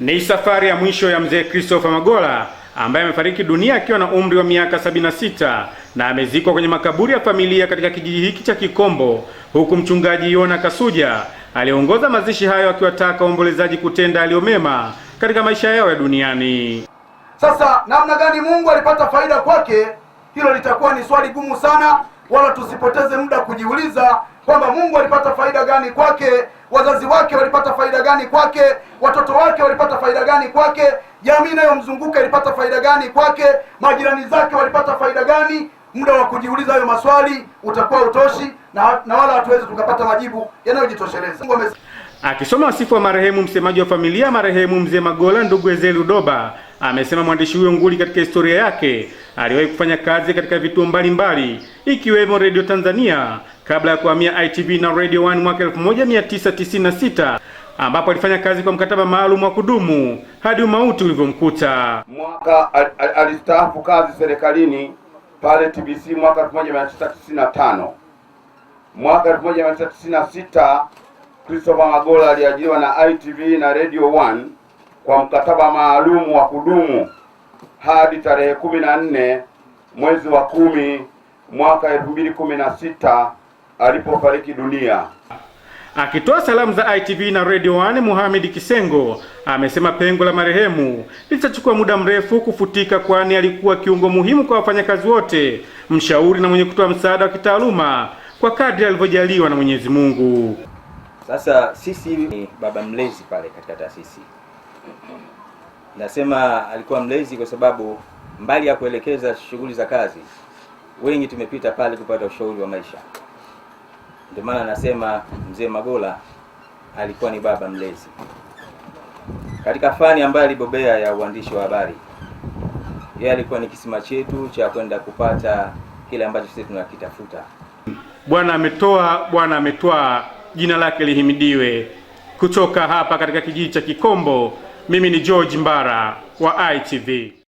Ni safari ya mwisho ya mzee Christopher Magola ambaye amefariki dunia akiwa na umri wa miaka 76 na amezikwa kwenye makaburi ya familia katika kijiji hiki cha Kikombo, huku mchungaji Yona Kasuja aliongoza mazishi hayo akiwataka waombolezaji kutenda aliyomema katika maisha yao ya duniani. Sasa namna gani Mungu alipata faida kwake, hilo litakuwa ni swali gumu sana wala tusipoteze muda kujiuliza kwamba Mungu alipata faida gani kwake, wazazi wake walipata faida gani kwake, watoto wake walipata faida gani kwake, jamii inayomzunguka ilipata faida gani kwake, majirani zake walipata faida gani? Muda wa kujiuliza hayo maswali utakuwa utoshi na, na wala hatuwezi tukapata majibu yanayojitosheleza. Akisoma wasifu wa marehemu, msemaji wa familia marehemu Mzee Magola, ndugu Ezeli Udoba amesema mwandishi huyo nguli katika historia yake aliwahi kufanya kazi katika vituo mbalimbali ikiwemo Radio Tanzania kabla ya kuhamia ITV na Radio 1 mwaka 1996 ambapo alifanya kazi kwa mkataba maalum wa kudumu hadi umauti ulivyomkuta. Mwaka al, al, alistaafu kazi serikalini pale TBC mwaka 1995. Mwaka 1996 Christopher Magola aliajiriwa na ITV na Radio 1 kwa mkataba maalum wa kudumu hadi tarehe kumi na nne mwezi wa kumi mwaka elfu mbili kumi na sita alipofariki dunia. Akitoa salamu za ITV na Radio 1, Mohamed Kisengo amesema pengo la marehemu litachukua muda mrefu kufutika, kwani alikuwa kiungo muhimu kwa wafanyakazi wote, mshauri na mwenye kutoa msaada wa kitaaluma kwa kadri alivyojaliwa na Mwenyezi Mungu. Sasa sisi ni baba mlezi pale katika taasisi Nasema alikuwa mlezi kwa sababu mbali ya kuelekeza shughuli za kazi, wengi tumepita pale kupata ushauri wa maisha. Ndio maana nasema mzee Magola alikuwa ni baba mlezi katika fani ambayo alibobea ya uandishi wa habari. Yeye alikuwa ni kisima chetu cha kwenda kupata kile ambacho sisi tunakitafuta. Bwana ametoa, Bwana ametoa, jina lake lihimidiwe. Kutoka hapa katika kijiji cha Kikombo mimi ni George Mbara wa ITV.